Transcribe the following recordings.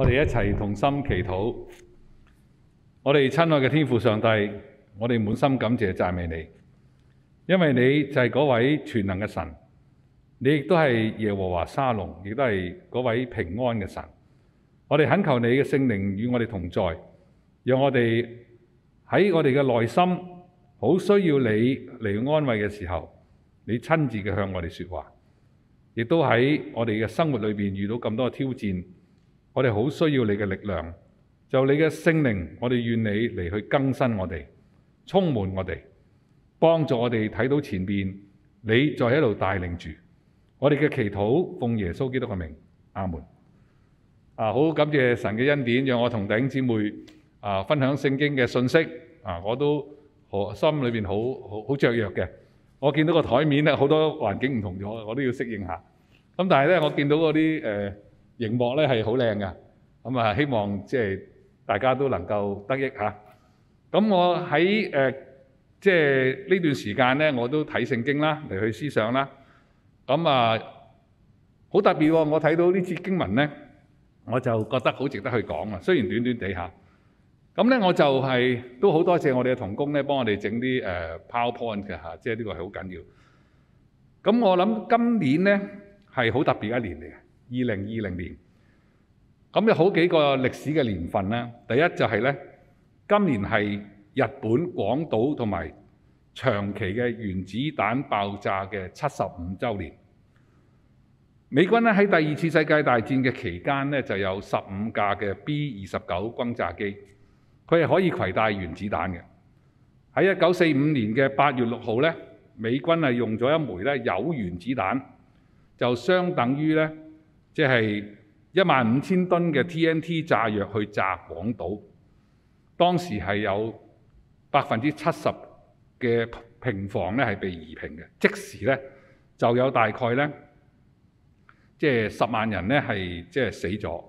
我哋一齊同心祈禱，我哋親愛嘅天父上帝，我哋滿心感謝讚美你，因為你就係嗰位全能嘅神，你亦都係耶和華沙龍，亦都係嗰位平安嘅神。我哋懇求你嘅聖靈與我哋同在，讓我哋喺我哋嘅內心好需要你嚟安慰嘅時候，你親自嘅向我哋說話，亦都喺我哋嘅生活裏面遇到咁多挑戰。我哋好需要你嘅力量，就你嘅聖靈，我哋願你嚟去更新我哋，充滿我哋，幫助我哋睇到前面，你再喺度帶領住我哋嘅祈禱，奉耶穌基督嘅名，阿門。啊，好感謝神嘅恩典，讓我同弟兄姊妹啊分享聖經嘅信息。啊，我都心裏面好好好雀躍嘅。我見到個台面咧好多環境唔同咗，我都要適應一下。咁但是呢，我見到嗰啲呃熒幕咧係好靚嘅，咁啊希望即係大家都能夠得益嚇。咁我喺誒即係呢段時間咧，我都睇聖經啦，嚟去思想啦。咁啊好特別喎，我睇到呢節經文咧，我就覺得好值得去講啊。雖然短短地嚇，咁咧我就係都好多謝我哋嘅同工咧，幫我哋整啲誒 PowerPoint 嘅嚇，即係呢個係好緊要。咁我諗今年咧係好特別一年嚟嘅。二零二零年咁有好幾個歷史嘅年份啦。第一就係咧，今年係日本廣島同埋長崎嘅原子彈爆炸嘅七十五週年。美軍咧喺第二次世界大戰嘅期間咧，就有十五架嘅 B 二十九轟炸機，佢係可以攜帶原子彈嘅。喺一九四五年嘅八月六號呢，美軍係用咗一枚咧有原子彈，就相等於咧。即係一萬五千噸嘅 TNT 炸藥去炸廣島，當時係有百分之七十嘅平房咧係被夷平嘅，即時咧就有大概咧即係十萬人咧係即係死咗。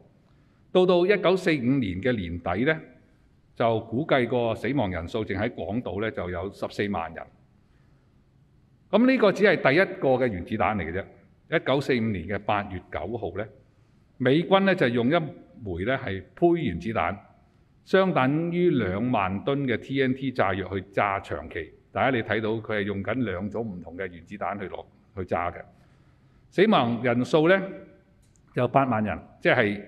到到一九四五年嘅年底咧，就估計個死亡人數淨喺廣島咧就有十四萬人。咁呢個只係第一個嘅原子彈嚟嘅啫。一九四五年嘅八月九號咧，美軍咧就用一枚咧係胚原子彈，相等於兩萬噸嘅 TNT 炸藥去炸長崎。大家你睇到佢係用緊兩種唔同嘅原子彈去落去炸嘅，死亡人數咧有八萬人，即係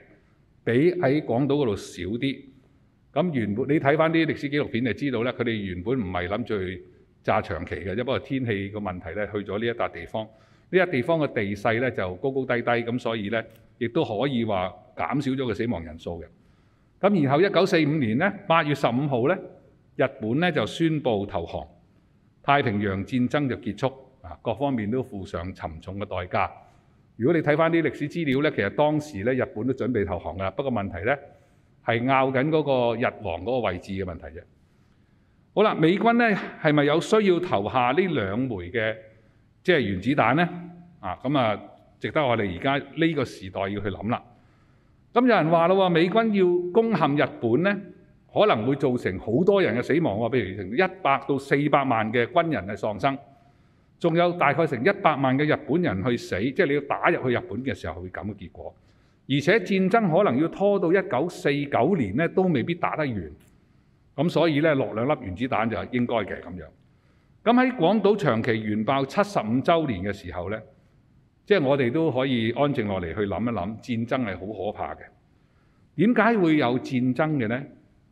比喺廣島嗰度少啲。咁原本你睇翻啲歷史紀錄片就知道咧，佢哋原本唔係諗住炸長崎嘅，因為天氣個問題咧，去咗呢一笪地方。呢個地方嘅地勢咧就高高低低，咁所以咧亦都可以話減少咗個死亡人數嘅。咁然後一九四五年呢，八月十五號咧，日本咧就宣布投降，太平洋戰爭就結束。各方面都付上沉重嘅代價。如果你睇翻啲歷史資料咧，其實當時咧日本都準備投降噶啦。不過問題咧係拗緊嗰個日皇嗰個位置嘅問題啫。好啦，美軍呢，係咪有需要投下呢兩枚嘅？即係原子彈呢，啊！咁啊，值得我哋而家呢個時代要去諗啦。咁有人話啦喎，美軍要攻陷日本呢，可能會造成好多人嘅死亡喎，譬如成一百到四百萬嘅軍人係喪生，仲有大概成一百萬嘅日本人去死。即係你要打入去日本嘅時候，會咁嘅結果。而且戰爭可能要拖到一九四九年呢，都未必打得完。咁所以呢，落兩粒原子彈就係應該嘅咁樣。咁喺廣島長崎原爆七十五週年嘅時候咧，即係我哋都可以安靜落嚟去諗一諗，戰爭係好可怕嘅。點解會有戰爭嘅咧？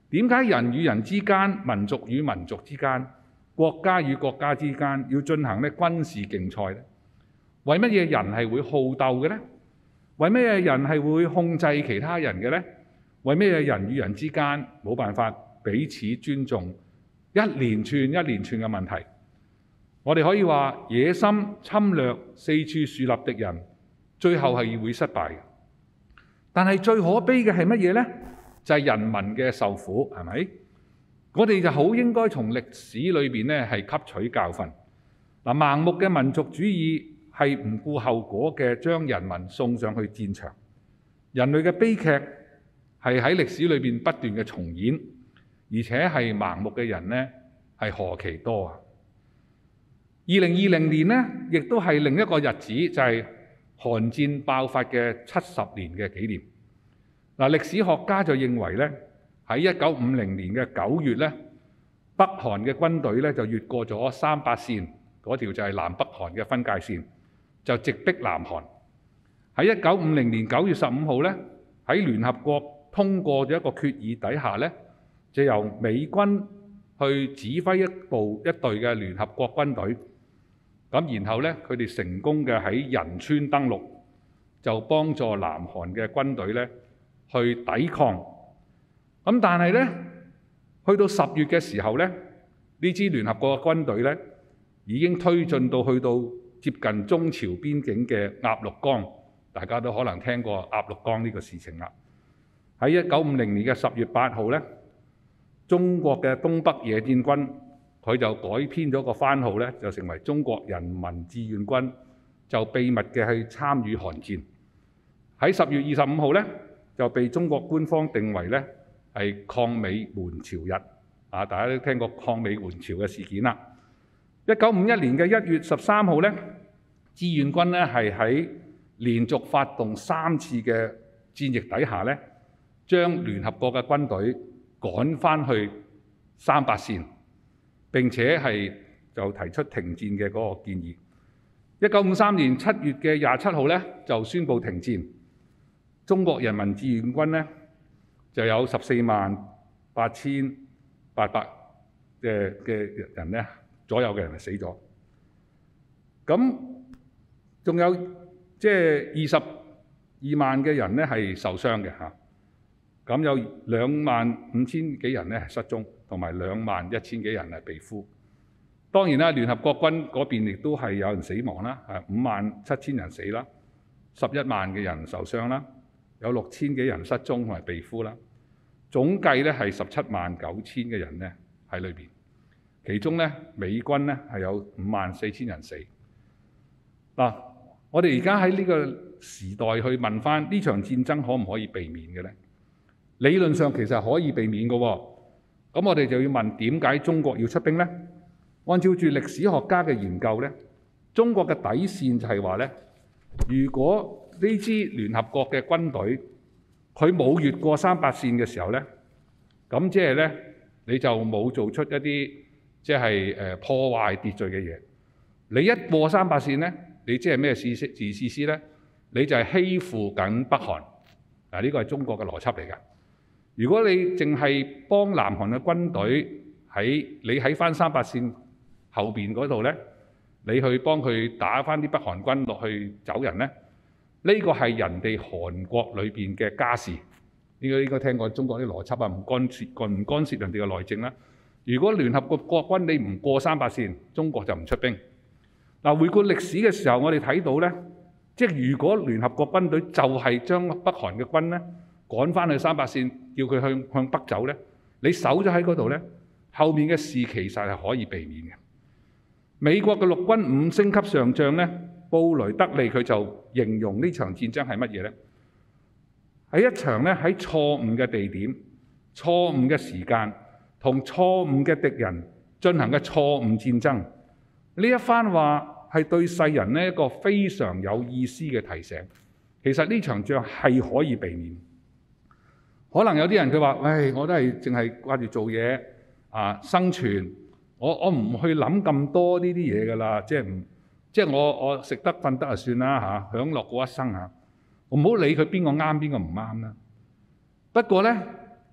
點解人與人之間、民族與民族之間、國家與國家之間要進行呢軍事競賽咧？為乜嘢人係會好鬥嘅咧？為咩嘢人係會控制其他人嘅咧？為咩嘢人與人之間冇辦法彼此尊重，一連串一連串嘅問題？我哋可以話野心侵略四處樹立敵人，最後係會失敗的。但係最可悲嘅係乜嘢呢？就係、是、人民嘅受苦，係咪？我哋就好應該從歷史裏面咧係吸取教訓。盲目嘅民族主義係唔顧後果嘅，將人民送上去戰場。人類嘅悲劇係喺歷史裏面不斷嘅重演，而且係盲目嘅人呢，係何其多啊！二零二零年咧，亦都係另一個日子，就係韓戰爆發嘅七十年嘅紀念。嗱，歷史學家就認為咧，喺一九五零年嘅九月咧，北韓嘅軍隊咧就越過咗三八線嗰條就係南北韓嘅分界線，就直逼南韓。喺一九五零年九月十五號咧，喺聯合國通過咗一個決議底下咧，就由美軍去指揮一部一隊嘅聯合國軍隊。咁然後咧，佢哋成功嘅喺仁川登陸，就幫助南韓嘅軍隊咧去抵抗。咁但係咧，去到十月嘅時候咧，呢支聯合國嘅軍隊咧已經推進到去到接近中朝邊境嘅鴨綠江，大家都可能聽過鴨綠江呢個事情啦。喺一九五零年嘅十月八號咧，中國嘅東北野戰軍。佢就改編咗個番號呢，就成為中國人民志願軍，就秘密嘅去參與韓戰。喺十月二十五號呢，就被中國官方定為呢係抗美援朝日。啊，大家都聽過抗美援朝嘅事件啦。一九五一年嘅一月十三號呢，志願軍呢係喺連續發動三次嘅戰役底下呢，將聯合國嘅軍隊趕返去三八線。並且係就提出停戰嘅嗰個建議。一九五三年七月嘅廿七號呢，就宣布停戰。中國人民志願軍呢，就有十四萬八千八百嘅人呢，左右嘅人係死咗。咁仲有即係二十二萬嘅人呢係受傷嘅。咁有兩萬五千幾人呢係失蹤。同埋兩萬一千幾人係被俘。當然啦，聯合國軍嗰邊亦都係有人死亡啦，係五萬七千人死啦，十一萬嘅人受傷啦，有六千幾人失蹤同埋被俘啦。總計咧係十七萬九千嘅人咧喺裏邊。其中咧美軍咧係有五萬四千人死。嗱，我哋而家喺呢個時代去問翻呢場戰爭可唔可以避免嘅咧？理論上其實可以避免嘅喎。咁我哋就要問點解中國要出兵咧？按照住歷史學家嘅研究咧，中國嘅底線就係話咧，如果呢支聯合國嘅軍隊佢冇越過三八線嘅時候咧，咁即係咧你就冇做出一啲即係誒破壞秩序嘅嘢。你一過三八線咧，你即係咩事事呢？咧？你就係欺負緊北韓。嗱、這、呢個係中國嘅邏輯嚟嘅。如果你淨係幫南韓嘅軍隊喺你喺翻三八線後邊嗰度咧，你去幫佢打翻啲北韓軍落去走人咧，呢個係人哋韓國裏邊嘅家事，應該應該聽過中國啲邏輯啊，唔干涉，唔干涉人哋嘅內政啦。如果聯合國國軍你唔過三八線，中國就唔出兵。嗱，回顧歷史嘅時候，我哋睇到咧，即係如果聯合國軍隊就係將北韓嘅軍咧。趕翻去三八線，叫佢向向北走咧。你守咗喺嗰度咧，後面嘅事其實係可以避免嘅。美國嘅陸軍五星級上將咧，布雷德利佢就形容呢場戰爭係乜嘢咧？喺一場咧喺錯誤嘅地點、錯誤嘅時間同錯誤嘅敵人進行嘅錯誤戰爭。呢一番話係對世人呢一個非常有意思嘅提醒。其實呢場仗係可以避免。可能有啲人佢話：唉，我都係淨係掛住做嘢啊，生存。我我唔去諗咁多呢啲嘢㗎啦，即係唔即係我我食得瞓得就算啊算啦嚇，享樂過一生嚇，我唔好理佢邊個啱邊個唔啱啦。不過咧，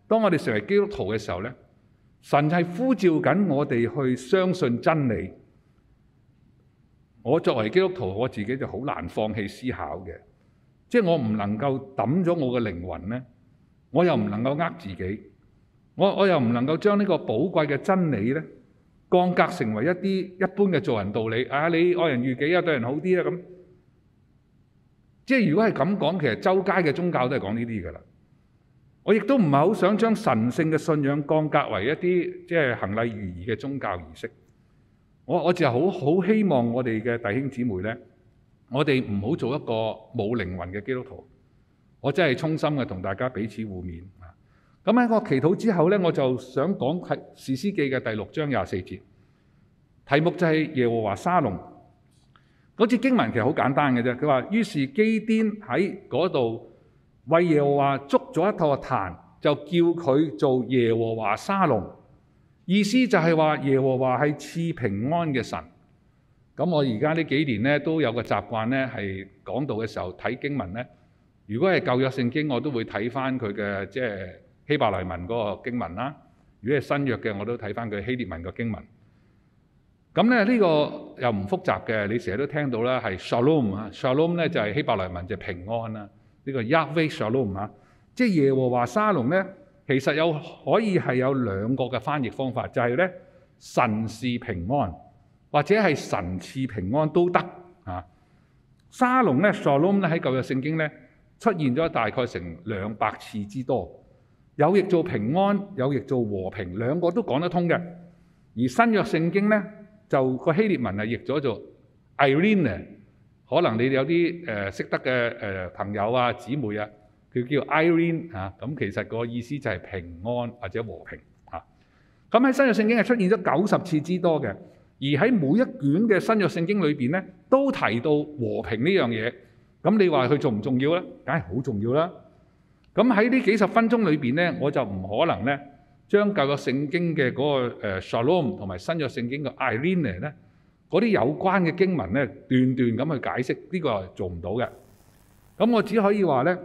當我哋成為基督徒嘅時候咧，神係呼召緊我哋去相信真理。我作為基督徒，我自己就好難放棄思考嘅，即係我唔能夠抌咗我嘅靈魂咧。我又唔能夠呃自己，我我又唔能夠將呢個寶貴嘅真理呢，降格成為一啲一般嘅做人道理啊！你愛人如己啊，對人好啲啊咁。即係如果係咁講，其實周街嘅宗教都係講呢啲㗎啦。我亦都唔係好想將神聖嘅信仰降格為一啲即係行禮如儀嘅宗教儀式。我我就係好好希望我哋嘅弟兄姊妹呢，我哋唔好做一個冇靈魂嘅基督徒。我真係衷心嘅同大家彼此互勉啊！咁喺我祈禱之後呢，我就想講係《士師記》嘅第六章廿四節，題目就係耶和華沙龍。嗰節經文其實好簡單嘅啫，佢話：於是基甸喺嗰度為耶和華捉咗一個壇，就叫佢做耶和華沙龍。意思就係話耶和華係賜平安嘅神。咁我而家呢幾年咧都有個習慣呢係講道嘅時候睇經文呢。如果係舊約聖經，我都會睇翻佢嘅即係希伯來文嗰個經文啦。如果係新約嘅，我都睇翻佢希臘文嘅經文。咁咧呢個又唔複雜嘅，你成日都聽到啦，係 Shalom，Shalom 咧就係希伯來文就是、平安啦。呢、這個 Yahweh Shalom 啊，即係耶和華沙龍咧。其實有可以係有兩個嘅翻譯方法，就係、是、咧神是平安或者係神賜平安都得啊。沙龍咧 Shalom 咧喺舊約聖經咧。出現咗大概成兩百次之多，有譯做平安，有譯做和平，兩個都講得通嘅。而新約聖經咧，就個希臘文啊譯咗做 Irene，可能你有啲誒、呃、識得嘅朋友啊、姊妹啊，佢叫 Irene 咁、啊、其實個意思就係平安或者和平咁喺、啊、新約聖經係出現咗九十次之多嘅，而喺每一卷嘅新約聖經裏面咧，都提到和平呢樣嘢。咁你話佢重唔重要咧？梗係好重要啦！咁喺呢幾十分鐘裏面咧，我就唔可能咧將舊約聖經嘅嗰個 Shalom 同埋新約聖經嘅 Eirene 咧嗰啲有關嘅經文咧段段咁去解釋，呢個係做唔到嘅。咁我只可以話咧，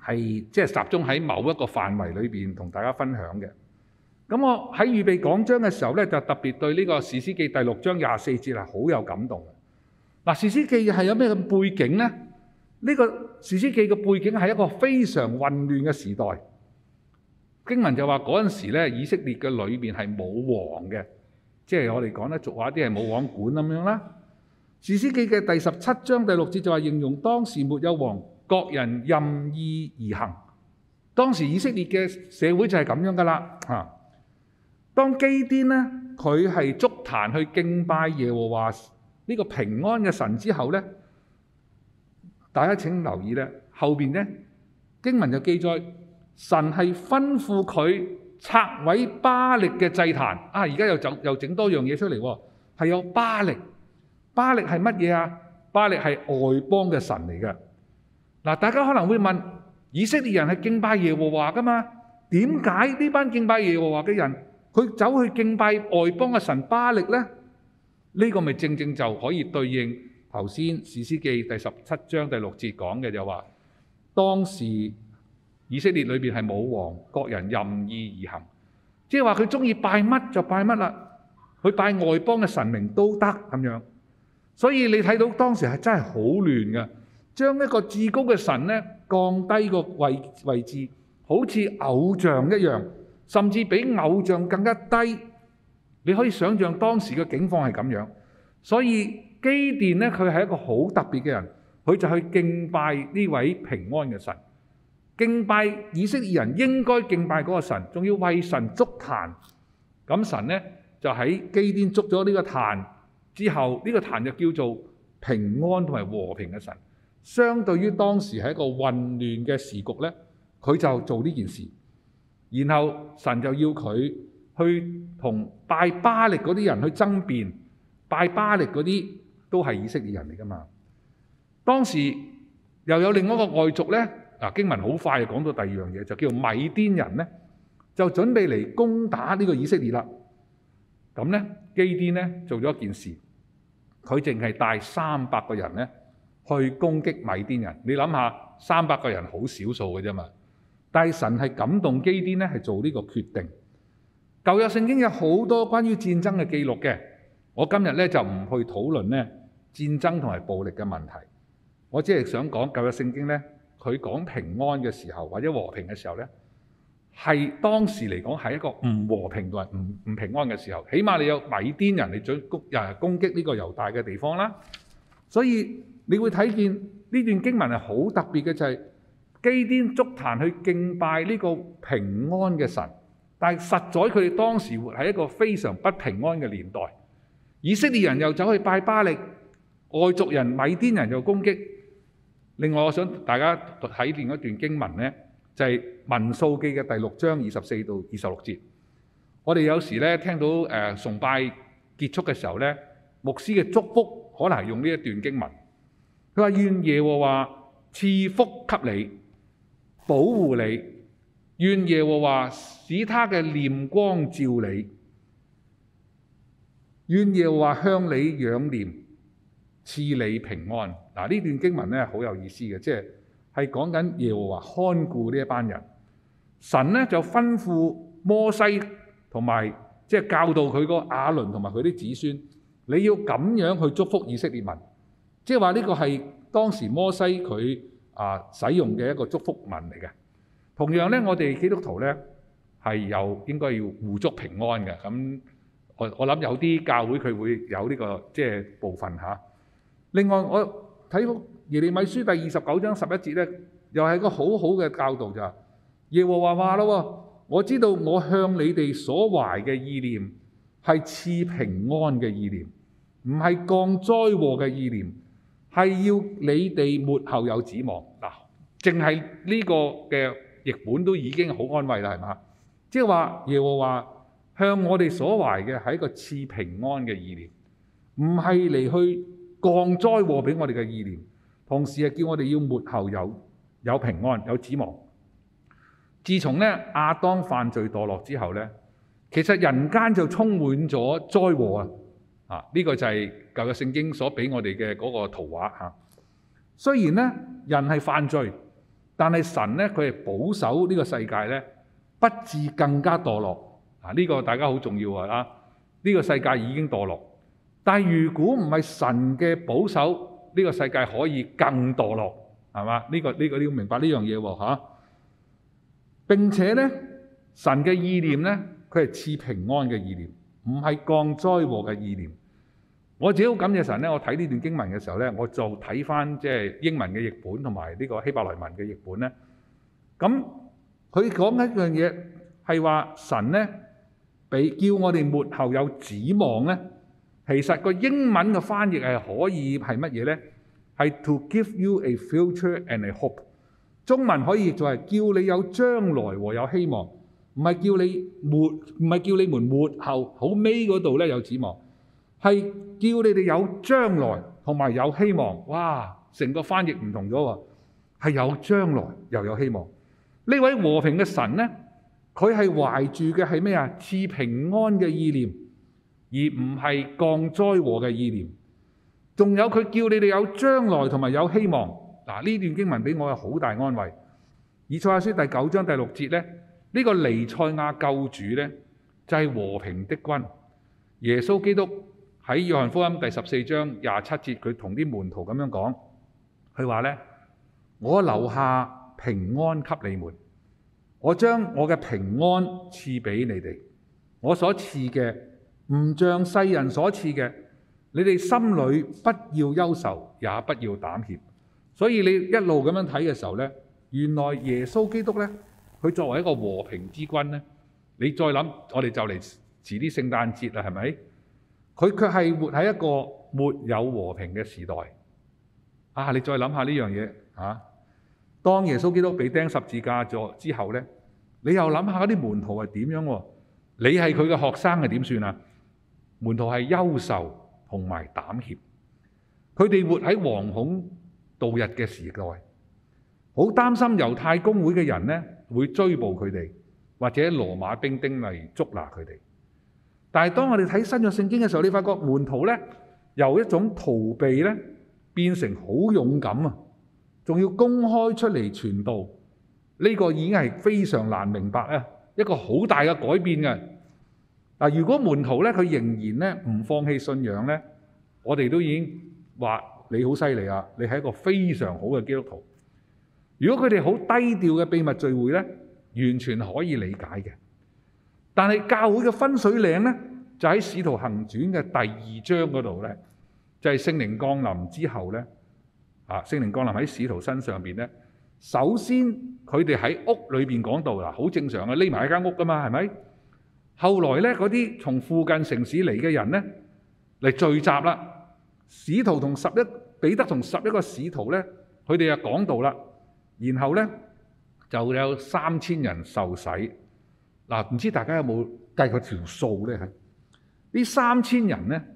係即係集中喺某一個範圍裏面同大家分享嘅。咁我喺預備講章嘅時候咧，就特別對呢個《士師記》第六章廿四節係好有感動嘅。嗱，《士師記》係有咩背景咧？呢、這個《士師記》嘅背景係一個非常混亂嘅時代。經文就話嗰陣時咧，以色列嘅裏面係冇王嘅，即係我哋講咧俗話啲係冇王管咁樣啦。《士師記》嘅第十七章第六節就話形容當時沒有王，各人任意而行。當時以色列嘅社會就係咁樣噶啦。吓、啊，當基甸咧，佢係築壇去敬拜耶和華呢、這個平安嘅神之後咧。大家請留意後面呢，後邊呢，經文就記載神係吩咐佢拆毀巴力嘅祭壇。啊，而家又又整多樣嘢出嚟，係有巴力。巴力係乜嘢啊？巴力係外邦嘅神嚟嘅。嗱，大家可能會問：以色列人係敬拜耶和華噶嘛？點解呢班敬拜耶和華嘅人，佢走去敬拜外邦嘅神巴力咧？呢個咪正正就可以對應。頭先《士師記》第十七章第六節講嘅就話，當時以色列裏邊係冇王，各人任意而行，即係話佢中意拜乜就拜乜啦，佢拜外邦嘅神明都得咁樣。所以你睇到當時係真係好亂㗎，將一個至高嘅神呢，降低個位位置，好似偶像一樣，甚至比偶像更加低。你可以想象當時嘅境況係咁樣，所以。基甸呢，佢係一個好特別嘅人，佢就去敬拜呢位平安嘅神，敬拜以色列人應該敬拜嗰個神，仲要為神祝壇。咁神呢，就喺基甸祝咗呢個壇之後，呢、呢個壇就叫做平安同埋和平嘅神。相對於當時係一個混亂嘅時局呢，佢就做呢件事。然後神就要佢去同拜巴力嗰啲人去爭辯，拜巴力嗰啲。都係以色列人嚟噶嘛？當時又有另外一個外族呢，嗱經文好快就講到第二樣嘢，就叫米甸人呢，就準備嚟攻打呢個以色列啦。咁呢，基甸呢，做咗一件事，佢淨係帶三百個人呢，去攻擊米甸人。你諗下，三百個人好少數嘅啫嘛。但係神係感動基甸呢，係做呢個決定。舊約聖經有好多關於戰爭嘅記錄嘅。我今日咧就唔去討論咧戰爭同埋暴力嘅問題。我只係想講，舊約聖經咧佢講平安嘅時候或者和平嘅時候咧，係當時嚟講係一個唔和平同埋唔唔平安嘅時候。起碼你有米甸人，你最攻日日攻擊呢個猶大嘅地方啦。所以你會睇見呢段經文係好特別嘅，就係、是、基甸築壇去敬拜呢個平安嘅神，但係實在佢哋當時活喺一個非常不平安嘅年代。以色列人又走去拜巴力，外族人米甸人又攻擊。另外，我想大家睇見一段經文咧，就係民數記嘅第六章二十四到二十六節。我哋有時咧聽到誒崇拜結束嘅時候咧，牧師嘅祝福可能係用呢一段經文。佢話：願耶和華賜福給你，保護你；願耶和華使他嘅臉光照你。願耶和華向你仰念，賜你平安。嗱，呢段經文咧好有意思嘅，即係係講緊耶和華看顧呢一班人。神咧就吩咐摩西同埋即係教導佢個亞倫同埋佢啲子孫，你要咁樣去祝福以色列民。即係話呢個係當時摩西佢啊使用嘅一個祝福文嚟嘅。同樣咧，我哋基督徒咧係又應該要互祝平安嘅咁。我我諗有啲教會佢會有呢個即係部分吓。另外我睇到耶利米書第二十九章十一節咧，又係個好好嘅教導，就耶和華話咯，我知道我向你哋所懷嘅意念係賜平安嘅意念，唔係降災禍嘅意念，係要你哋末後有指望。嗱，淨係呢個嘅譯本都已經好安慰啦，係嘛？即係話耶和華。向我哋所懷嘅係一個賜平安嘅意念，唔係嚟去降災禍俾我哋嘅意念，同時叫我哋要末後有有平安有指望。自從咧亞當犯罪墮落之後咧，其實人間就充滿咗災禍啊！啊，呢、這個就係舊約聖經所俾我哋嘅嗰個圖畫雖、啊、雖然咧人係犯罪，但係神咧佢係保守呢個世界咧，不致更加墮落。啊！呢個大家好重要啊！呢個世界已經墮落，但如果唔係神嘅保守，呢個世界可以更墮落，係嘛？呢個呢個你要明白呢樣嘢喎嚇。並且呢，神嘅意念呢，佢係賜平安嘅意念，唔係降災禍嘅意念。我自己好感謝神呢，我睇呢段經文嘅時候呢，我就睇翻即係英文嘅譯本同埋呢個希伯來文嘅譯本呢。咁佢講一樣嘢係話神呢。俾叫我哋末後有指望咧，其實個英文嘅翻譯係可以係乜嘢咧？係 to give you a future and a hope。中文可以就係叫你有將來和有希望，唔係叫你末，唔係叫你們末後好尾嗰度咧，有指望，係叫你哋有將來同埋有希望。哇！成個翻譯唔同咗喎，係有將來又有希望。呢位和平嘅神咧。佢係懷住嘅係咩啊？賜平安嘅意念，而唔係降災禍嘅意念。仲有佢叫你哋有將來同埋有希望。嗱，呢段經文俾我有好大安慰。以賽亞書第九章第六節咧，呢個尼賽亞救主咧就係和平的君。耶穌基督喺約翰福音第十四章廿七節，佢同啲門徒咁樣講，佢話咧：我留下平安給你們。我將我嘅平安賜畀你哋，我所賜嘅唔像世人所賜嘅，你哋心裏不要憂愁，也不要膽怯。所以你一路咁樣睇嘅時候呢，原來耶穌基督呢，佢作為一個和平之君呢，你再諗，我哋就嚟遲啲聖誕節啦，係咪？佢卻係活喺一個沒有和平嘅時代。啊，你再諗下呢樣嘢啊！當耶穌基督被釘十字架咗之後，你又諗下啲門徒係點樣喎？你係佢嘅學生係點算啊？門徒係優秀同埋膽怯，佢哋活喺惶恐度日嘅時代，好擔心猶太公會嘅人呢會追捕佢哋，或者羅馬兵丁嚟捉拿佢哋。但係當我哋睇新約聖經嘅時候，你發覺門徒呢由一種逃避呢變成好勇敢啊！仲要公開出嚟傳道，呢個已經係非常難明白咧，一個好大嘅改變嘅。嗱，如果門徒咧，佢仍然咧唔放棄信仰咧，我哋都已經話你好犀利啊，你係一個非常好嘅基督徒。如果佢哋好低調嘅秘密聚會咧，完全可以理解嘅。但係教會嘅分水嶺咧，就喺使徒行傳嘅第二章嗰度咧，就係聖靈降臨之後咧。啊！聖靈降臨喺使徒身上邊咧，首先佢哋喺屋裏邊講道嗱，好正常啊，匿埋喺間屋㗎嘛，係咪？後來咧，嗰啲從附近城市嚟嘅人咧嚟聚集啦。使徒十一，同十一彼得同十一個使徒咧，佢哋就講道啦。然後咧就有三千人受洗。嗱、啊，唔知大家有冇計過條數咧？係、啊、呢三千人咧。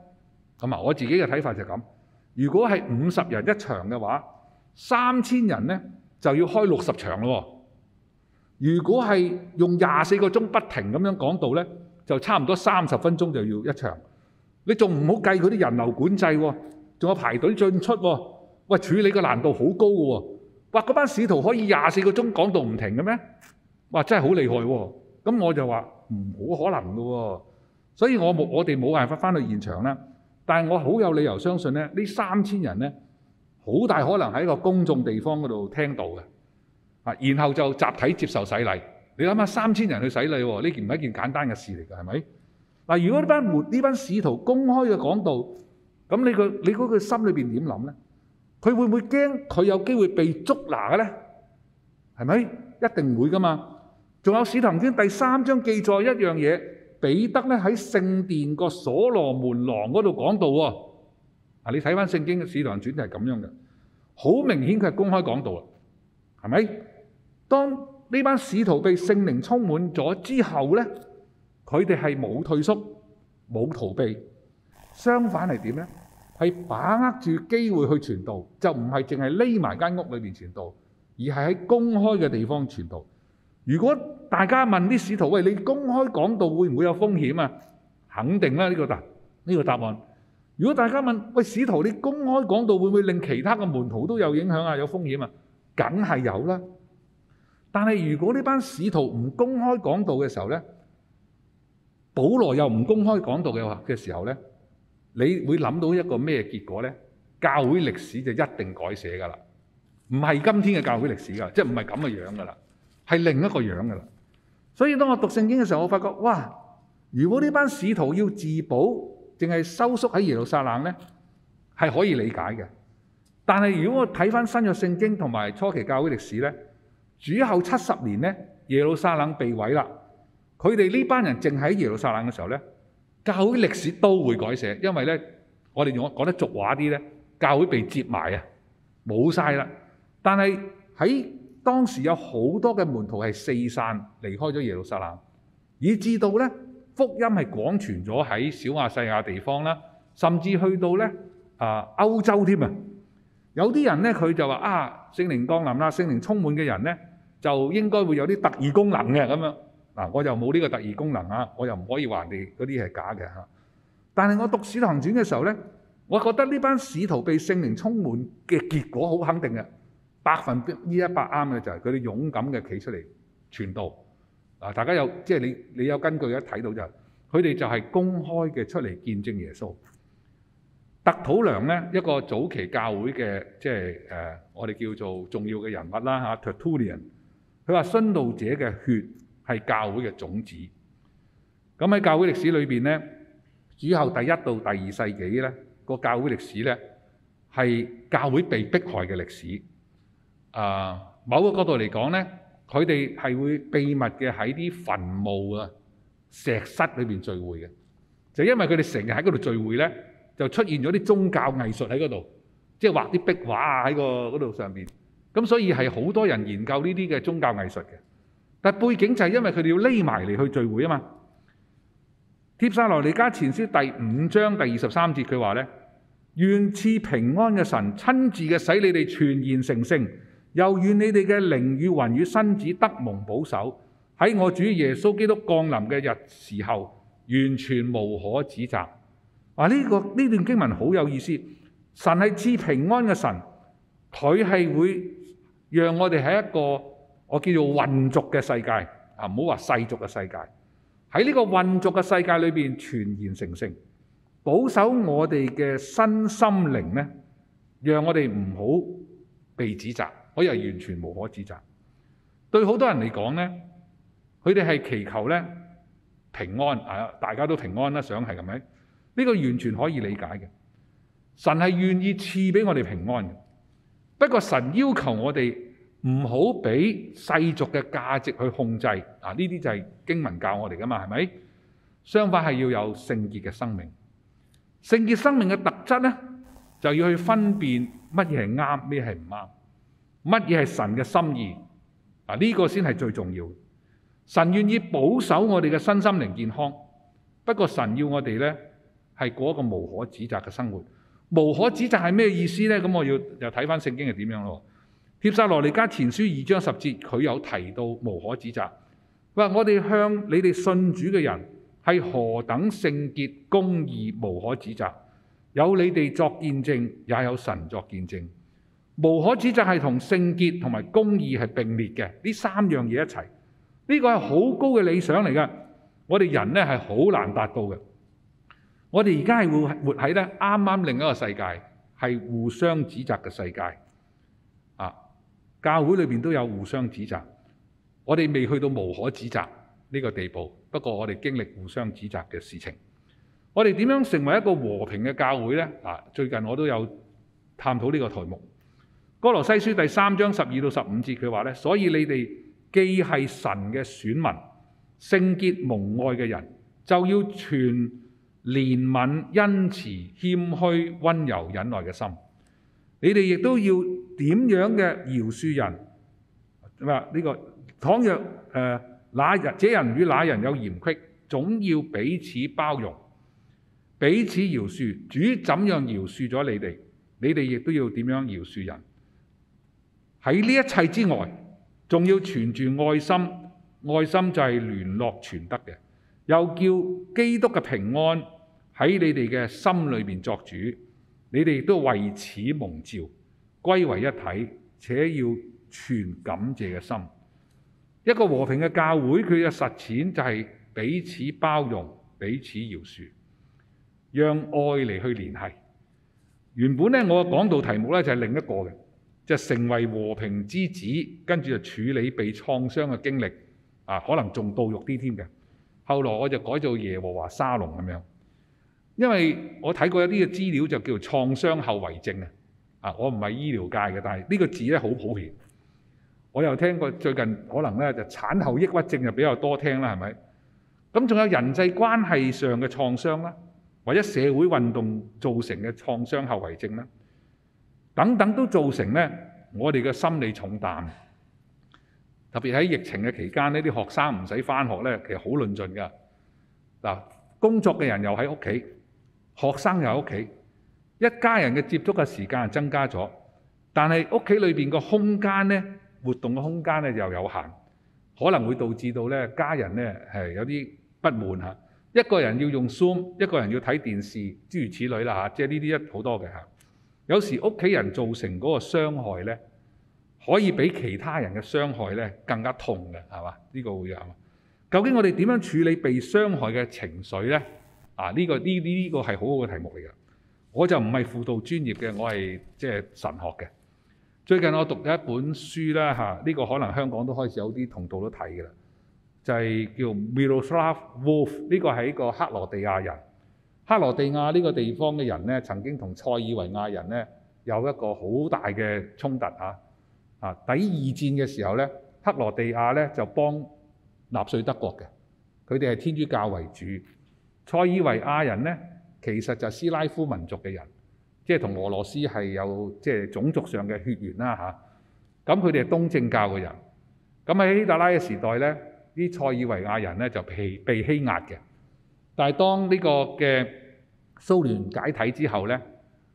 我自己嘅睇法就係咁。如果係五十人一場嘅話，三千人咧就要開六十場咯、哦。如果係用廿四個鐘不停咁樣講道咧，就差唔多三十分鐘就要一場。你仲唔好計佢啲人流管制喎、哦，仲有排隊進出喎、哦，喂，處理嘅難度好高嘅喎、哦。哇，嗰班使徒可以廿四個鐘講道唔停嘅咩？哇，真係好厲害喎、哦。咁我就話唔好可能嘅喎、哦，所以我冇我哋冇辦法返到現場啦。但係我好有理由相信呢，呢三千人呢，好大可能喺一個公眾地方嗰度聽到嘅，然後就集體接受洗禮。你諗下三千人去洗禮喎，呢件唔係一件簡單嘅事嚟㗎，係咪？嗱，如果呢班沒呢班使徒公開嘅講道，咁你個你嗰個心裏面點諗呢？佢會唔會驚佢有機會被捉拿嘅呢？係咪？一定會㗎嘛。仲有《使徒行傳》第三章記載一樣嘢。彼得咧喺聖殿個所羅門廊嗰度講道啊，你睇翻聖經嘅《使徒行傳》就係咁樣嘅，好明顯佢係公開講道啊。係咪？當呢班使徒被聖靈充滿咗之後咧，佢哋係冇退縮、冇逃避，相反係點咧？係把握住機會去傳道，就唔係淨係匿埋間屋裏邊傳道，而係喺公開嘅地方傳道。如果大家問啲使徒喂，你公開講道會唔會有風險啊？肯定啦，呢個答呢個答案。如果大家問喂使徒，你公開講道會唔會令其他嘅門徒都有影響啊？有風險啊？梗係有啦。但係如果呢班使徒唔公開講道嘅時候咧，保羅又唔公開講道嘅話嘅時候咧，你會諗到一個咩結果咧？教會歷史就一定改寫㗎啦，唔係今天嘅教會歷史㗎，即係唔係咁嘅樣㗎啦。係另一個樣嘅啦，所以當我讀聖經嘅時候，我發覺哇，如果呢班使徒要自保，淨係收縮喺耶路撒冷呢，係可以理解嘅。但係如果我睇返新約聖經同埋初期教會歷史呢，主後七十年呢，耶路撒冷被毀啦，佢哋呢班人淨喺耶路撒冷嘅時候呢，教會歷史都會改寫，因為呢，我哋用講得俗話啲呢，教會被摺埋啊，冇晒啦。但係喺當時有好多嘅門徒係四散離開咗耶路撒冷，以至到咧福音係廣傳咗喺小亞細亞地方啦，甚至去到咧啊、呃、歐洲添啊！有啲人呢，佢就話啊聖靈降臨啦，聖靈充滿嘅人呢，就應該會有啲特異功能嘅咁樣嗱，我又冇呢個特異功能啊，我又唔可以話人哋嗰啲係假嘅嚇。但係我讀《使徒行傳》嘅時候呢，我覺得呢班使徒被聖靈充滿嘅結果好肯定嘅。百分之一百啱嘅就係佢哋勇敢嘅企出嚟傳道。啊，大家有即係、就是、你你有根據一睇到就係佢哋就係公開嘅出嚟見證耶穌。特土良咧，一個早期教會嘅即係誒我哋叫做重要嘅人物啦嚇，Tertullian。佢話殉道者嘅血係教會嘅種子。咁喺教會歷史裏邊咧，主後第一到第二世紀咧，個教會歷史咧係教會被迫害嘅歷史。啊，某個角度嚟講呢，佢哋係會秘密嘅喺啲墳墓啊、石室裏邊聚會嘅。就是、因為佢哋成日喺嗰度聚會呢就出現咗啲宗教藝術喺嗰度，即係畫啲壁畫啊喺個嗰度上面。咁所以係好多人研究呢啲嘅宗教藝術嘅。但背景就係因為佢哋要匿埋嚟去聚會啊嘛。帖撒羅尼迦前書第五章第二十三節佢話呢：願賜平安嘅神親自嘅使你哋全然成聖。又願你哋嘅靈與魂與身子得蒙保守，喺我主耶穌基督降臨嘅日時候，完全無可指責。啊！呢個呢段經文好有意思。神係至平安嘅神，佢係會讓我哋喺一個我叫做混族嘅世界啊，唔好話世俗嘅世界，喺呢個混族嘅世界裏邊全然成聖，保守我哋嘅身心靈咧，讓我哋唔好被指責。我又完全無可指責。對好多人嚟講咧，佢哋係祈求咧平安啊，大家都平安啦，想係噉，呢個完全可以理解嘅。神係願意賜俾我哋平安嘅，不過神要求我哋唔好俾世俗嘅價值去控制啊！呢啲就係經文教我哋噶嘛，係咪？相反係要有聖潔嘅生命。聖潔生命嘅特質咧，就要去分辨乜嘢係啱，咩係唔啱。乜嘢係神嘅心意啊？呢個先係最重要。神願意保守我哋嘅身心靈健康，不過神要我哋呢係過一個無可指責嘅生活。無可指責係咩意思呢？咁我要又睇翻聖經係點樣咯。帖撒羅尼加前書二章十節，佢有提到無可指責。話我哋向你哋信主嘅人係何等聖潔、公義、無可指責，有你哋作見證，也有神作見證。無可指責係同聖潔同埋公義係並列嘅，呢三樣嘢一齊，呢個係好高嘅理想嚟㗎。我哋人呢係好難達到嘅。我哋而家係會活喺呢啱啱另一個世界，係互相指責嘅世界。啊，教會裏面都有互相指責。我哋未去到無可指責呢個地步，不過我哋經歷互相指責嘅事情。我哋點樣成為一個和平嘅教會呢？啊，最近我都有探討呢個題目。哥羅西書第三章十二到十五節，佢話咧：，所以你哋既係神嘅選民，聖潔蒙愛嘅人，就要存憐憫、恩慈、謙虛、温柔、忍耐嘅心。你哋亦都要點樣嘅饒恕人？啊、這、呢個倘若誒哪人這人與哪人有嫌隙，總要彼此包容，彼此饒恕。主怎樣饒恕咗你哋，你哋亦都要點樣饒恕人？喺呢一切之外，仲要存住愛心，愛心就係聯絡全德嘅。又叫基督嘅平安喺你哋嘅心裏面作主，你哋都為此蒙召，歸為一體，且要存感謝嘅心。一個和平嘅教會，佢嘅實踐就係彼此包容、彼此饒恕，讓愛嚟去聯繫。原本咧，我嘅講道題目咧就係另一個嘅。就成為和平之子，跟住就處理被創傷嘅經歷，啊，可能仲到肉啲添嘅。後來我就改做耶和華沙龍，咁樣，因為我睇過一啲嘅資料就叫創傷後遺症啊。啊，我唔係醫療界嘅，但係呢個字咧好普遍。我又聽過最近可能咧就產後抑鬱症就比較多聽啦，係咪？咁仲有人際關係上嘅創傷啦，或者社會運動造成嘅創傷後遺症啦。等等都造成咧，我哋嘅心理重擔。特別喺疫情嘅期間呢啲學生唔使翻學咧，其實好論盡噶。嗱，工作嘅人又喺屋企，學生又喺屋企，一家人嘅接觸嘅時間增加咗，但係屋企裏面個空間咧，活動嘅空間咧又有限，可能會導致到咧家人咧係有啲不滿嚇。一個人要用 Zoom，一個人要睇電視，諸如此類啦嚇，即係呢啲一好多嘅嚇。有時屋企人造成嗰個傷害咧，可以比其他人嘅傷害咧更加痛嘅，係嘛？呢、這個會有。究竟我哋點樣處理被傷害嘅情緒咧？啊，呢、這個呢呢呢個係、這個、好好嘅題目嚟㗎。我就唔係輔導專業嘅，我係即係神學嘅。最近我讀咗一本書啦，嚇、啊、呢、這個可能香港都開始有啲同道都睇㗎啦，就係、是、叫 Miroslav Volf，呢個係一個克羅地亞人。克羅地亞呢個地方嘅人呢，曾經同塞爾維亞人呢有一個好大嘅衝突啊！啊，第二戰嘅時候呢，克羅地亞呢就幫納粹德國嘅，佢哋係天主教為主。塞爾維亞人呢其實就是斯拉夫民族嘅人，即係同俄羅斯係有即係種族上嘅血緣啦嚇。咁佢哋係東正教嘅人。咁喺希特拉嘅時代呢，啲塞爾維亞人呢就被被欺壓嘅。但係當呢個嘅蘇聯解體之後咧，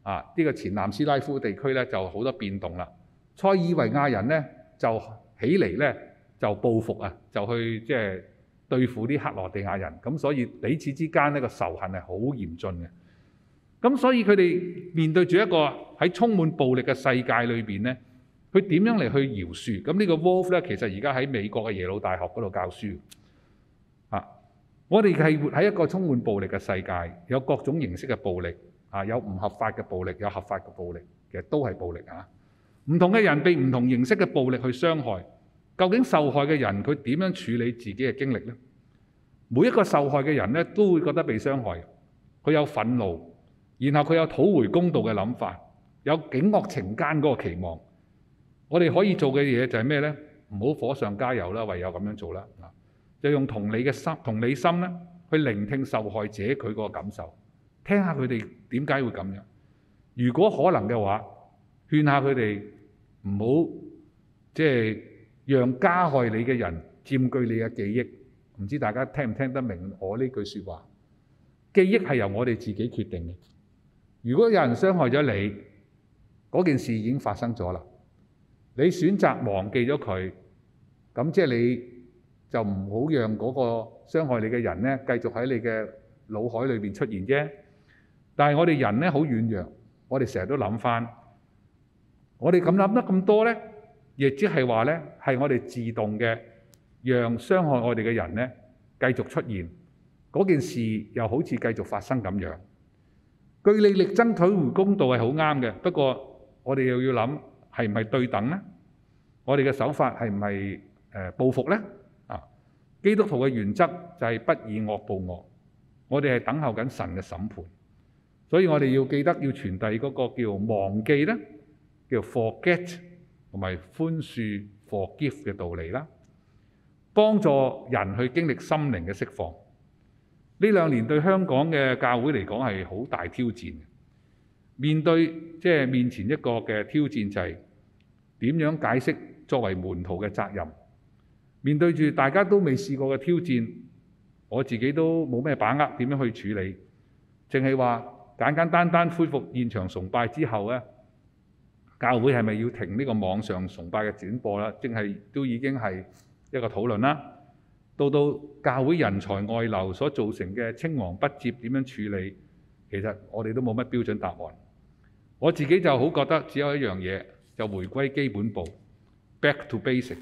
啊呢個前南斯拉夫地區咧就好多變動啦。塞爾維亞人呢，就起嚟呢，就報復啊，就去即係對付啲克羅地亞人，咁所以彼此之間呢個仇恨係好嚴峻嘅。咁所以佢哋面對住一個喺充滿暴力嘅世界裏邊呢，佢點樣嚟去饒恕？咁呢個 Wolf 呢，其實而家喺美國嘅耶魯大學嗰度教書。我哋係活喺一個充滿暴力嘅世界，有各種形式嘅暴力，嚇有唔合法嘅暴力，有合法嘅暴力，其實都係暴力嚇。唔同嘅人被唔同形式嘅暴力去傷害，究竟受害嘅人佢點樣處理自己嘅經歷呢？每一個受害嘅人咧都會覺得被傷害，佢有憤怒，然後佢有討回公道嘅諗法，有警惡懲奸嗰個期望。我哋可以做嘅嘢就係咩呢？唔好火上加油啦，唯有咁樣做啦。就用同理嘅心、同理心咧，去聆聽受害者佢嗰個感受，聽下佢哋點解會咁樣。如果可能嘅話，勸下佢哋唔好即係讓加害你嘅人佔據你嘅記憶。唔知大家聽唔聽得明我呢句説話？記憶係由我哋自己決定嘅。如果有人傷害咗你，嗰件事已經發生咗啦，你選擇忘記咗佢，咁即係你。就唔好讓嗰個傷害你嘅人咧，繼續喺你嘅腦海裏邊出現啫。但係我哋人咧，好軟弱，我哋成日都諗翻，我哋咁諗得咁多咧，亦即係話咧係我哋自動嘅，讓傷害我哋嘅人咧繼續出現，嗰件事又好似繼續發生咁樣。據理力爭，討回公道係好啱嘅，不過我哋又要諗係唔係對等咧？我哋嘅手法係唔係誒報復咧？基督徒嘅原則就係不以惡報惡，我哋係等候緊神嘅審判，所以我哋要記得要傳遞嗰個叫忘記啦，叫 forget 同埋寬恕 forgive 嘅道理啦，幫助人去經歷心靈嘅釋放。呢兩年對香港嘅教會嚟講係好大挑戰，面對即係面前一個嘅挑戰就係點樣解釋作為門徒嘅責任。面對住大家都未試過嘅挑戰，我自己都冇咩把握點樣去處理。淨係話簡簡單單單恢復現場崇拜之後呢，教會係咪要停呢個網上崇拜嘅轉播啦？淨係都已經係一個討論啦。到到教會人才外流所造成嘅青黃不接點樣處理，其實我哋都冇乜標準答案。我自己就好覺得只有一樣嘢，就回歸基本步，back to basic。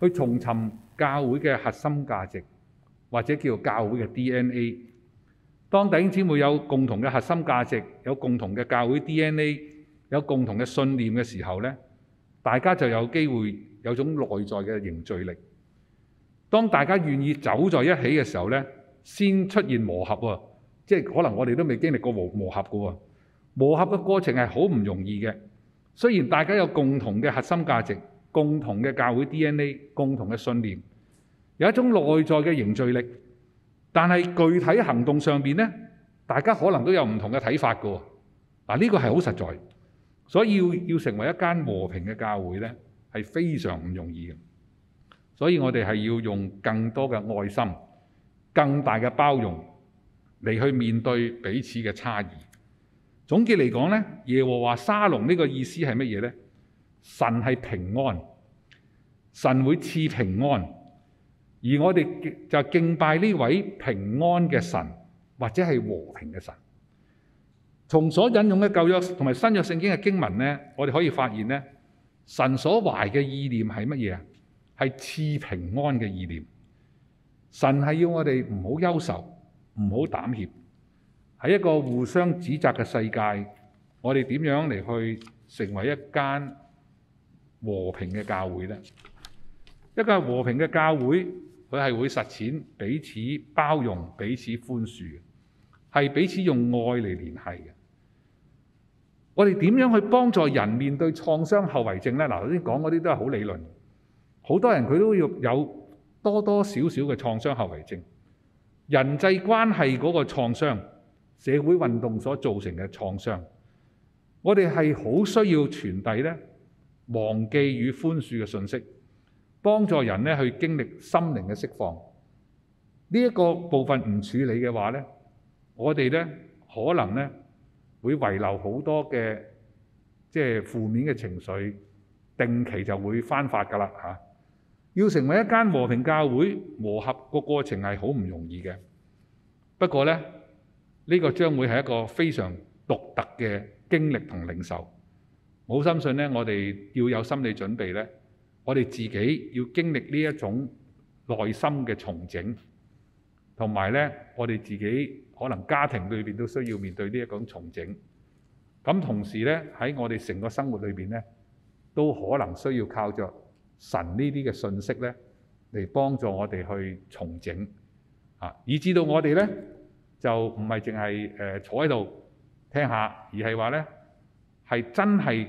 去重尋教會嘅核心價值，或者叫教會嘅 DNA。當弟兄姊妹有共同嘅核心價值，有共同嘅教會 DNA，有共同嘅信念嘅時候呢，大家就有機會有種內在嘅凝聚力。當大家願意走在一起嘅時候呢，先出現磨合喎，即係可能我哋都未經歷過磨合喎。磨合嘅過程係好唔容易嘅，雖然大家有共同嘅核心價值。共同嘅教會 DNA、共同嘅信念，有一種內在嘅凝聚力。但係具體行動上面呢，大家可能都有唔同嘅睇法噶。嗱，呢個係好實在，所以要成為一間和平嘅教會呢，係非常唔容易嘅。所以我哋係要用更多嘅愛心、更大嘅包容嚟去面對彼此嘅差異。總結嚟講呢，耶和華沙龍呢個意思係乜嘢呢？神係平安，神會賜平安，而我哋就敬拜呢位平安嘅神，或者係和平嘅神。從所引用嘅舊約同埋新約聖經嘅經文呢，我哋可以發現呢，神所懷嘅意念係乜嘢啊？係賜平安嘅意念。神係要我哋唔好憂愁，唔好膽怯，喺一個互相指責嘅世界，我哋點樣嚟去成為一間？和平嘅教會咧，一個係和平嘅教會，佢係會實踐彼此包容、彼此寬恕，係彼此用愛嚟聯繫嘅。我哋點樣去幫助人面對創傷後遺症咧？嗱，頭先講嗰啲都係好理論，好多人佢都要有多多少少嘅創傷後遺症，人際關係嗰個創傷、社會運動所造成嘅創傷，我哋係好需要傳遞咧。忘記與寬恕嘅信息，幫助人呢去經歷心靈嘅釋放。呢、這、一個部分唔處理嘅話，我們呢我哋呢可能咧會遺留好多嘅即係負面嘅情緒，定期就會翻發㗎啦。要成為一間和平教會，磨合個過程係好唔容易嘅。不過呢，呢、這個將會係一個非常獨特嘅經歷同領受。好深信咧，我哋要有心理準備咧，我哋自己要經歷呢一種內心嘅重整，同埋咧，我哋自己可能家庭裏邊都需要面對呢一種重整。咁同時咧，喺我哋成個生活裏邊咧，都可能需要靠著神呢啲嘅信息咧，嚟幫助我哋去重整啊，以至到我哋咧就唔係淨係誒坐喺度聽下，而係話咧係真係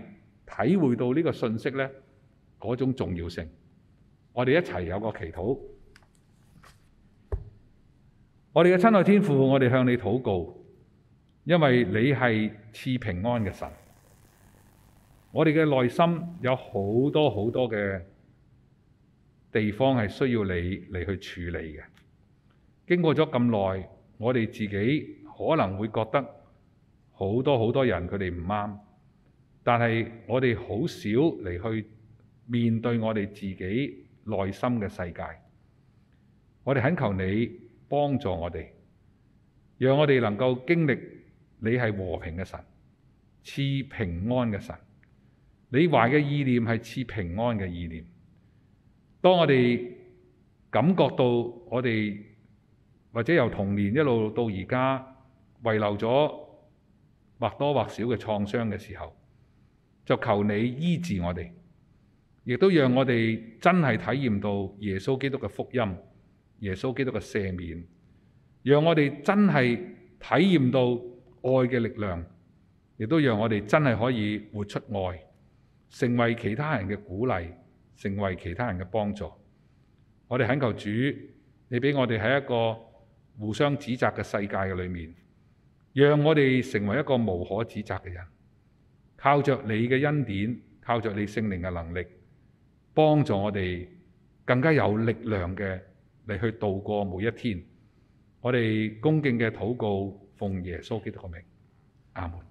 體會到呢個信息呢，嗰種重要性，我哋一齊有個祈禱。我哋嘅親愛天父，我哋向你禱告，因為你係賜平安嘅神。我哋嘅內心有好多好多嘅地方係需要你嚟去處理嘅。經過咗咁耐，我哋自己可能會覺得好多好多人佢哋唔啱。但係，我哋好少嚟去面對我哋自己內心嘅世界。我哋懇求你幫助我哋，讓我哋能夠經歷你係和平嘅神，賜平安嘅神。你懷嘅意念係賜平安嘅意念。當我哋感覺到我哋或者由童年一路到而家遺留咗或多或少嘅創傷嘅時候，就求你醫治我哋，亦都讓我哋真係體驗到耶穌基督嘅福音，耶穌基督嘅赦免，讓我哋真係體驗到愛嘅力量，亦都讓我哋真係可以活出愛，成為其他人嘅鼓勵，成為其他人嘅幫助。我哋懇求主，你俾我哋喺一個互相指責嘅世界嘅裏面，讓我哋成為一個無可指責嘅人。靠着你嘅恩典，靠着你聖靈嘅能力，幫助我哋更加有力量嘅嚟去度過每一天。我哋恭敬嘅禱告，奉耶穌基督嘅名，阿門。